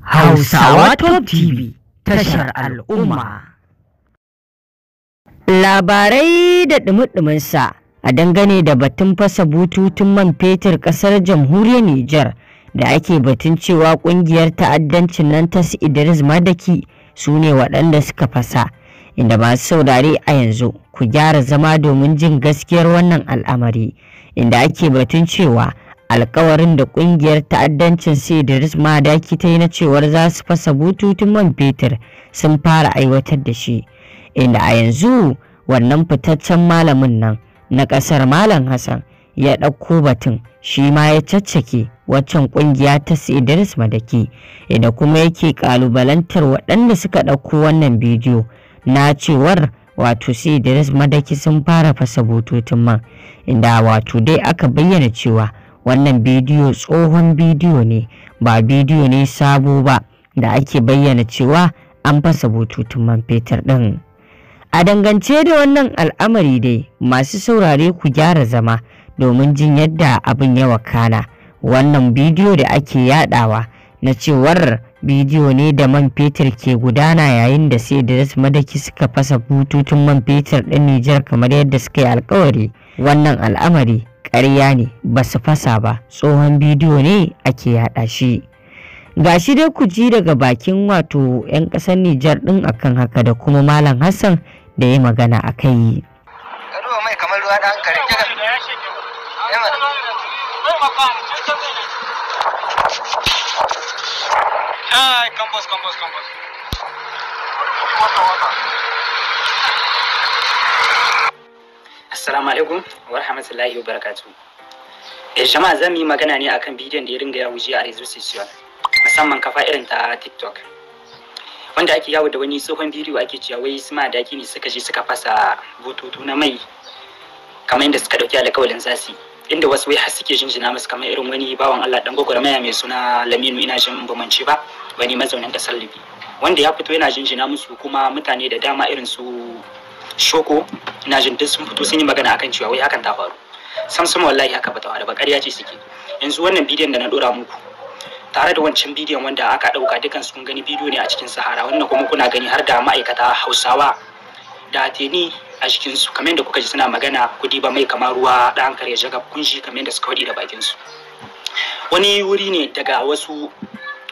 Hausawa Top TV tashar al'umma. Labarai da ɗumi-ɗuminsa a dangane da batun fasa bututun man fetur ƙasar jamhuriyar Nijar da ake batun cewa ƙungiyar ta'addancin nan ta Idris Madaki su ne waɗanda suka fasa. Inda masu saurare a yanzu ku gyara zama domin jin gaskiyar wannan al'amari inda ake batun cewa alkawarin da kungiyar ta'addancin sidiris madaki ta yi na cewar za su fasa bututun man fetur sun fara aiwatar da shi inda a yanzu wannan fitaccen malamin nan na kasar malam hassan ya ɗauko batun shi ma ya caccake waccan kungiya ta sidiris madaki inda kuma yake kalubalantar waɗanda suka ɗauko wannan bidiyo na cewar wato sidiris madaki sun fara fasa bututun man inda wato dai aka bayyana cewa wannan bidiyo tsohon bidiyo ne ba bidiyo ne sabo ba da ake bayyana cewa an fasa bututun man fetur ɗin. A dangance da wannan al'amari dai masu saurare ku gyara zama domin jin yadda abin yawa kana wannan bidiyo da ake yadawa na cewar bidiyo ne da man fetur ke gudana yayin da sai da madaki suka fasa bututun man fetur ɗin Nijar kamar yadda suka yi alkawari wannan al'amari ƙarya ne ba su fasa ba tsohon bidiyo ne ake yaɗa shi ga shi dai ku ji daga bakin wato 'yan ƙasar nijar ɗin akan haka da kuma malam hassan da ya magana a kai Ay, Assalamu alaikum wa rahmatullahi wa barakatuh. Eh jama'a zan yi magana ne akan bidiyon da ya ringa yawo jiya a Resurcision musamman kafa irin ta TikTok. Wanda ake yawo da wani tsohon bidiyo ake cewa wai suma da ne suka je suka fasa bututu na mai kamar inda suka dauki alƙawarin zasi inda wasu wai har suke jinjina musu kamar irin wani bawan Allah dan gwagwarmaya mai suna Laminu ina jin bamance ba wani mazaunin kasar Libya wanda ya fito yana jinjina musu kuma mutane da dama irin su shoko ina jin duk sun fito sun yi magana akan cewa wai hakan ta faru sam sama wallahi haka ba ta faru ba ƙarya ce suke yanzu wannan bidiyon da na dora muku tare da wancan bidiyon wanda aka ɗauka dukan sun gani bidiyo ne a cikin sahara wannan kuma kuna gani har da ma'aikata hausawa da ateni a cikin su kamar yadda kuka ji suna magana kudi ba mai kamar ruwa ɗan kare jagab kunshi kamar yadda suka waɗi da bakin su wani wuri ne daga wasu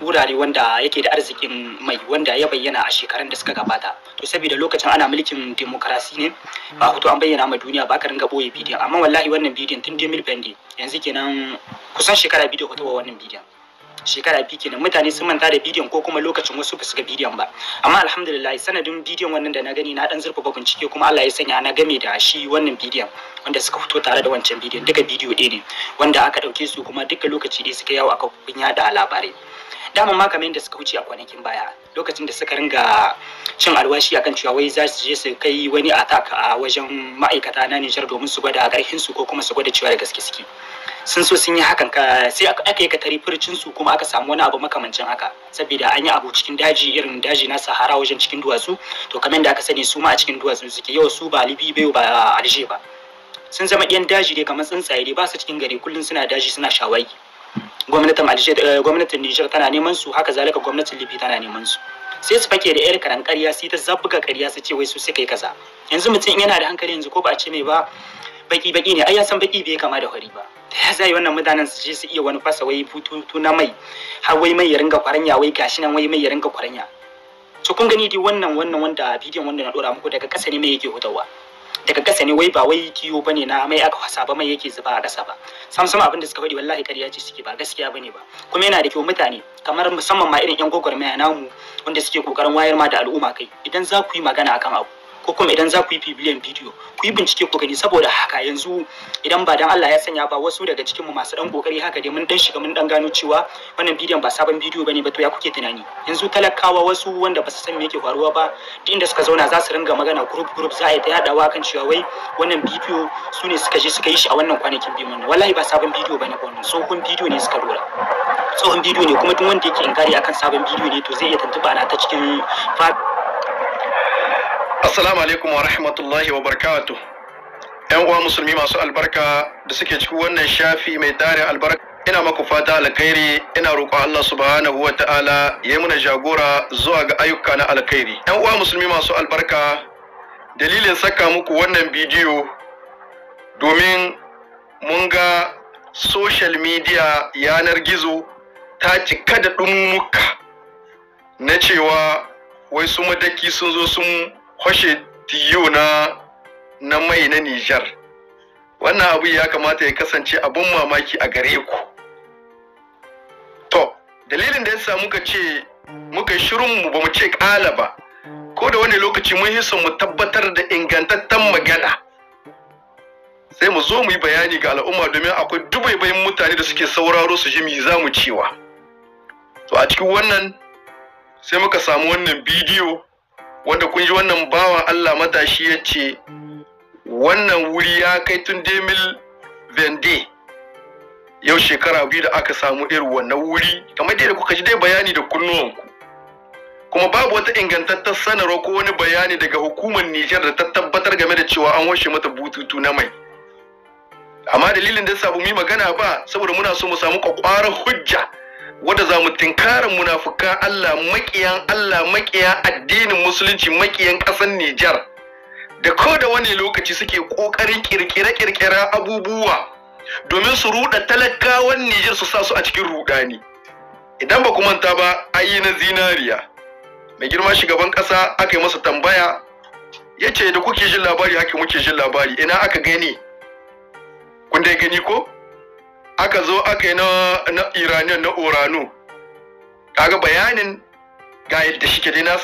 wurare wanda yake da arzikin mai wanda ya bayyana a shekarun da suka gabata to saboda lokacin ana mulkin demokarasi ne ba hoto an bayyana ma duniya ba ka ringa boye bidiyon amma wallahi wannan bidiyon tun bendi yanzu kenan kusan shekara da hoto wannan bidiyon shekara biyu kenan mutane sun manta da bidiyon ko kuma lokacin wasu ba su ga bidiyon ba amma alhamdulillah sanadin bidiyon wannan da na gani na dan zurfafa bincike kuma Allah ya sanya na game da shi wannan bidiyon wanda suka fito tare da wancan bidiyon duka bidiyo ɗaya ne wanda aka ɗauke su kuma duka lokaci ɗaya suka yawo a kafofin yada labarai daman ma kamar yadda suka wuce a kwanakin baya lokacin da suka ringa cin alwashi akan cewa wai za su je su kai wani attack a wajen ma'aikata na Nijar domin su gwada ƙarfin su ko kuma su gwada cewa da gaske suke sun so sun yi hakan ka sai aka yi katari furcin su kuma aka samu wani abu makamancin haka saboda an yi abu cikin daji irin daji na Sahara wajen cikin duwatsu to kamar da aka sani su ma a cikin duwatsu suke yau su ba Libi bai ba Alje ba sun zama ɗiyan daji dai kamar tsuntsaye dai ba su cikin gari kullum suna daji suna shawagi gwamnatin eh, gwamnatin Niger tana neman su haka zalika gwamnatin Libya tana neman su sai su fake da yar karan ƙarya sai ta zabbuka ƙarya su ce wai su suka yi kaza yanzu mutum in yana da hankali yanzu ko ba a ce mai ba baki baki ne ai ya san baki bai kama da hori ba ya zai wannan mutanen su je su iya wani fasa wai bututu na mai har wai mai ya ringa kwaranya wai gashi nan wai mai ya ringa kwaranya to kun gani dai wannan wannan wanda bidiyon wanda na dora muku daga ƙasa ne mai yake hutawa daga kasa ne wai ba wai kiyo bane na mai aka hasa ba mai yake zuba a kasa ba samsam abin da suka faɗi wallahi ƙarya ce suke ba gaskiya bane ba kuma yana da kyau mutane kamar musamman ma irin yan gwagwarmaya namu wanda suke kokarin wayar ma da al'umma kai idan za ku yi magana akan abu ko kuma idan za ku yi bibiliyan bidiyo ku yi bincike ku gani saboda haka yanzu idan ba dan Allah ya sanya ba wasu daga cikinmu masu dan kokari haka dai mun dan shiga mun dan gano cewa wannan bidiyon ba sabon bidiyo bane ba to ya kuke tunani yanzu talakawa wasu wanda ba su san me yake faruwa ba duk inda suka zauna za su ringa magana group group za a yi ta yadawa kan cewa wai wannan bidiyo su ne suka je suka yi shi a wannan kwanakin biyu wannan wallahi ba sabon bidiyo bane wannan tsohon bidiyo ne suka dora tsohon bidiyo ne kuma duk wanda yake inkari akan sabon bidiyo ne to zai iya tantuba na ta cikin Assalamu alaikum wa rahmatullahi wa barakatu. ‘Yan uwa musulmi masu albarka da suke cikin wannan shafi mai tarin albarka. Ina maku fata alkhairi, ina roƙo Allah subhanahu wa ta'ala ya muna jagora zuwa ga ayyuka na alkhairi. ‘Yan uwa musulmi masu albarka, dalilin saka muku wannan bidiyo domin mun ga social media yanar gizo ta cika da ɗummuka. na cewa wai su madaki sun zo sun kwashe diyo na na mai na Nijar wannan abu ya kamata ya kasance abun mamaki a gare ku to dalilin da yasa muka ce muka shirin mu bamu ce kala ba ko da wani lokaci mun hisa mu tabbatar da ingantaccen magana sai mu zo mu yi bayani ga al'umma domin akwai dubaibayin mutane da suke sauraro su ji mi za mu cewa to a cikin wannan sai muka samu wannan bidiyo wanda kun ji wannan bawan Allah matashi ya ce wannan wuri ya kai tun demil vende yau shekara biyu da aka samu irin wannan wuri kamar dai da kuka ji dai bayani da kunnuwanku kuma babu wata ingantattar sanarwa ko wani bayani daga hukumar Nijar da ta tabbatar game da cewa an washe mata bututu na mai amma dalilin da ya mu yi magana ba saboda muna so mu samu kwakwarar hujja wadda za mu tinkara munafuka Allah makiyan Allah maƙiya addinin musulunci maƙiyan ƙasar Nijar da ko da wani lokaci suke ƙoƙarin ƙirƙire kirkira abubuwa domin su ruɗa talakawan Nijar su sa su a cikin ruɗani idan ba manta ba ayi na zinariya mai girma shugaban ƙasa aka yi masa tambaya Yace da kuke jin labari haka muke jin labari ina aka gani kun dai gani ko aka zo aka yi na iranian na orano kaga bayanin ga yadda shi dai na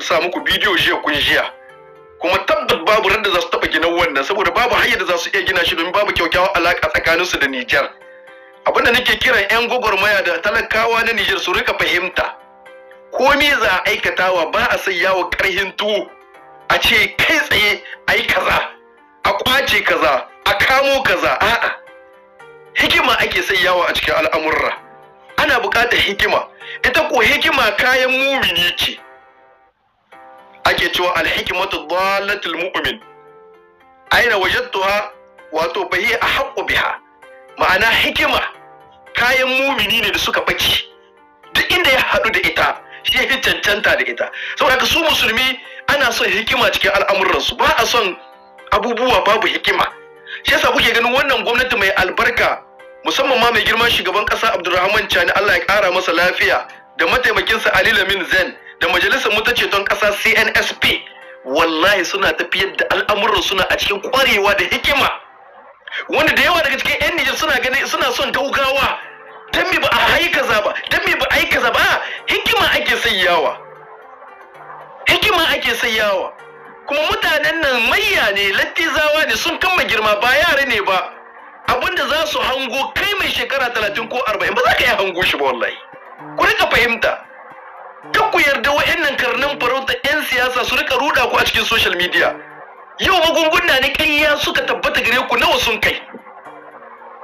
sa muku bidiyo jiya kun jiya kuma tabbat babu randa za su taɓa gina wannan saboda babu hanyar da za su iya gina shi domin babu kyakkyawar alaƙa su da Nijar. Abinda nake kiran 'yan gwagwarmaya da talakawa na Nijar su rika fahimta. Ko me za a aikatawa ba a sai yawo karhin tuwo a ce kai tsaye a yi kaza, a kwace kaza, a kamo kaza, a'a. hikima ake sayawa a cikin al'amurra ana bukatar hikima ita ko hikima kayan ne ce ake cewa alhikimatu dalatul mu'min aina wajadtuha wato fa a ahqqu biha ma'ana hikima kayan mumini ne da suka baci duk inda ya haɗu da ita shi ya fi cancanta da ita saboda su musulmi ana son hikima cikin al'amuransu ba a son abubuwa babu hikima shi yasa kuke ganin wannan gwamnati mai albarka musamman ma mai girman shugaban kasa Abdulrahman Chani Allah ya kara masa lafiya da mataimakinsa Ali Lamin Zen da majalisar mu don ceton kasa CNSP wallahi suna tafiyar da al'amuran suna a cikin kwarewa da hikima wanda da yawa daga cikin 'yan Nijar suna gani suna son gaugawa dan me ba a hayi kaza ba dan me ba a yi kaza ba hikima ake sayyawa hikima ake sayyawa kuma mutanen nan mayya ne lattizawa ne sun kama girma ba yara ne ba abinda za su hango kai mai shekara talatin ko arba'in ba za ka yi hango shi ba wallahi ku rika fahimta kan ku yarda wa'annan karnin farauta 'yan siyasa su rika ruda ku a cikin social media yau magunguna ne ƙarya suka tabbata gare ku nawa sun kai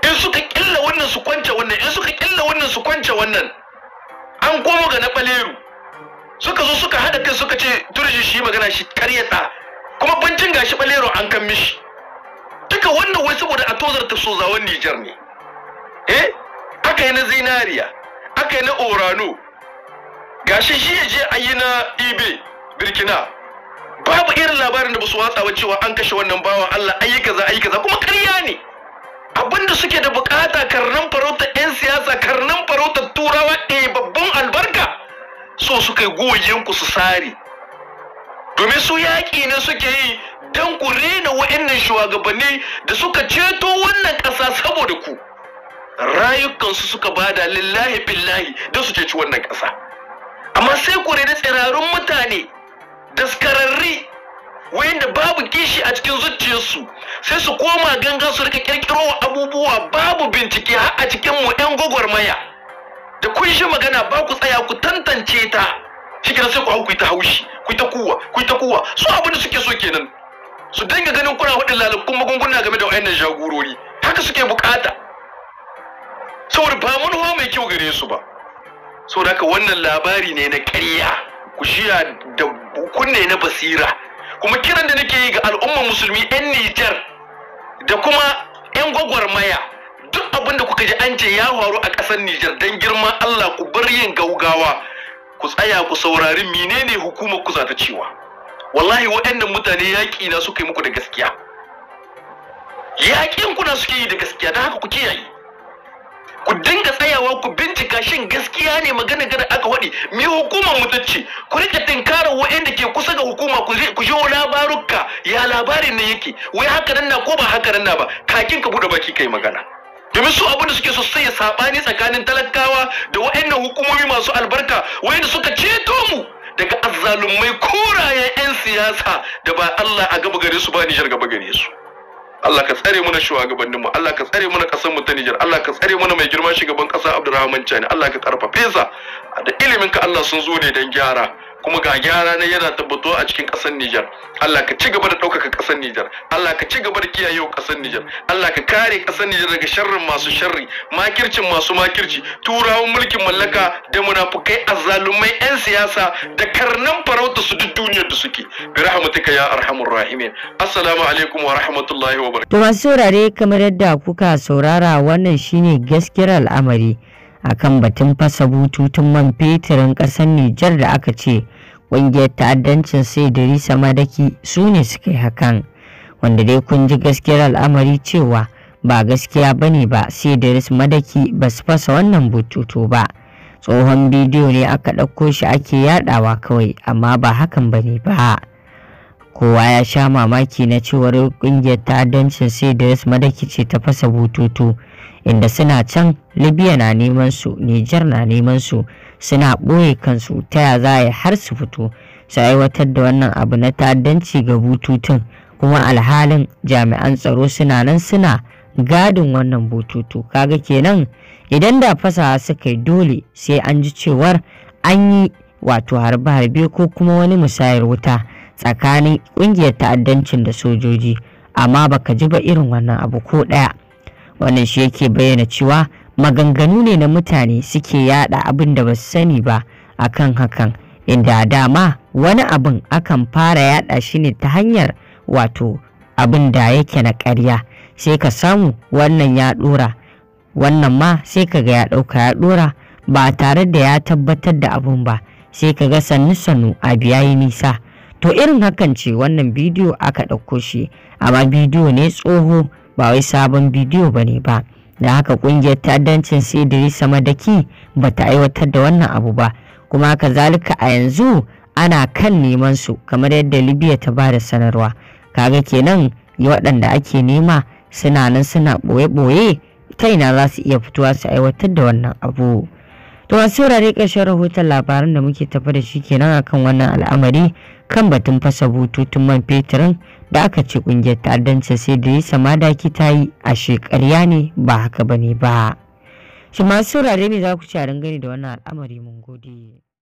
in suka killa wannan su kwance wannan in suka killa wannan su kwance wannan an komo ga na baleru suka zo suka haɗa kai suka ce turji shi magana shi karyata kuma bancin gashi balero an kan mishi duka wannan wai saboda a tozarta zawon Nijar ne eh aka yi na zinariya aka yi na orano gashi shi ya je ayi na ibe birkina babu irin labarin da ba su watsa ba cewa an kashe wannan bawan Allah ayi kaza ayi kaza kuma karya ne abinda suke da bukata karnan farautar 'yan siyasa karnan farautar turawa eh babban albarka so suka yi goyenku su sare domin su yaƙi ne suke yi don ku rena wa'annan shugabanni da suka ceto wannan ƙasa saboda ku rayukansu suka bada lillahi billahi don su ceci wannan ƙasa amma sai ku rena tsirarun mutane da daskararri wayanda babu kishi a cikin zuciyarsu sai su koma ganga su rika kirkiro abubuwa babu bincike har a cikin mu 'yan gwagwarmaya da kun shi magana ba ku tsaya ku tantance ta shi sai ku hau ku ta haushi ku ta kuwa ku ta kuwa su abin da suke so kenan su dinga ganin kuna hudin kuma magunguna game da wayannan jagorori haka suke bukata saboda ba ho mai kyau gare su ba saboda haka wannan labari ne na ƙarya ku shiya da kunne na basira kuma kiran da nake yi ga al'ummar musulmi 'yan Nijar da kuma 'yan gwagwarmaya duk abin da kuka ji an ce ya faru a ƙasar Nijar dan girman Allah ku bar yin gaugawa ku tsaya ku saurari menene hukumar ku za ta cewa wallahi waɗannan mutane yaƙi na suka yi muku da gaskiya yaƙin na suke yi da gaskiya don haka ku kiyaye ku dinga tsayawa ku bincika shin gaskiya ne magana gada aka waɗi me hukumar ce? ku rika tinkarar waɗanda ke kusa ga hukuma ku je labaruka ya labarin ne yake wai haka nan na ko ba haka nan na ba kakin ka buɗe baki kai magana domin su abin da suke so sai ya sabani tsakanin talakawa da wa'annan hukumomi masu albarka wa'anda suka ceto mu daga azzalumai koraye 'yan siyasa da ba Allah a gaba gare su ba Nijar gaba gare su Allah ka tsare mana shugabannin mu Allah ka tsare mana kasar mu ta Nijar Allah ka tsare mana mai girma shugaban kasa Abdulrahman Chani Allah ka karfafe sa da ilimin ka Allah sun zo ne don gyara kuma ga gyara na yana tabbatuwa a cikin ƙasar Nijar Allah ka ci gaba da ɗaukaka ƙasar Nijar Allah ka ci gaba da kiyaye wa ƙasar Nijar Allah ka kare ƙasar Nijar daga sharrin masu sharri makircin masu makirci turawan mulkin mallaka da munafukai azzalumai 'yan siyasa da karnan farauta su duk duniyar da suke bi rahmatika ya arhamur rahimin assalamu alaikum wa rahmatullahi wa barakatuh to masu saurare kamar yadda kuka saurara wannan shine gaskiyar al'amari akan batun fasa bututun man fetirin ƙasar Nijar da aka ce ƙungiyar ta'addancin sai risa Madaki su ne suka yi hakan wanda dai kun ji gaskiyar al'amari cewa ba gaskiya bane ba sai risa Madaki ba su fasa wannan bututu ba tsohon bidiyo ne aka ɗauko shi ake yadawa kawai amma ba hakan bane ba. kowa ya sha mamaki na cewar kungiyar ta'addancin cds madaki ce ta fasa bututu inda suna can libya na neman su nijar na neman su suna ɓoye kansu ta ya za a har su fito su aiwatar da wannan abu na ta'addanci ga bututun kuma alhalin jami'an tsaro suna nan suna gadin wannan bututu kaga kenan idan da fasa suka yi dole sai an ji cewar an yi wato harbe-harbe ko kuma wani musayar wuta tsakanin ƙungiyar ta'addancin da sojoji amma baka ji ba irin wannan abu ko ɗaya wannan shi yake bayyana cewa maganganu ne na mutane suke yada abin da ba su sani ba akan hakan inda dama wani abin akan fara yada shi ne ta hanyar wato abin da yake na karya sai ka samu wannan ya ɗora wannan ma sai ka ga ya ɗauka ya ɗora ba tare da ya tabbatar da abin ba sai ka ga sannu sannu a biyayi nisa to irin hakan ce wannan bidiyo aka ɗauko shi amma bidiyo ne tsoho ba wai sabon bidiyo ba ne ba da haka ƙungiyar ta'addancin sidiri sama da ki ba ta aiwatar da wannan abu ba kuma kazalika a yanzu ana kan neman su kamar yadda libya ta ba da sanarwa kaga kenan waɗanda ake nema suna nan suna ɓoye-ɓoye ta ina za su iya fitowa su aiwatar da wannan abu. To a saurare ƙarshen rahoton labaran da muke tafa da shi kenan akan wannan al'amari kan batun fasa bututun man fetirin da aka ce ƙungiyar ta'addanci sai da yi daki ta yi a shekarya ne ba haka ba ne ba. Shi masu saurare me za ku ci a dangane da wannan al'amari mun gode.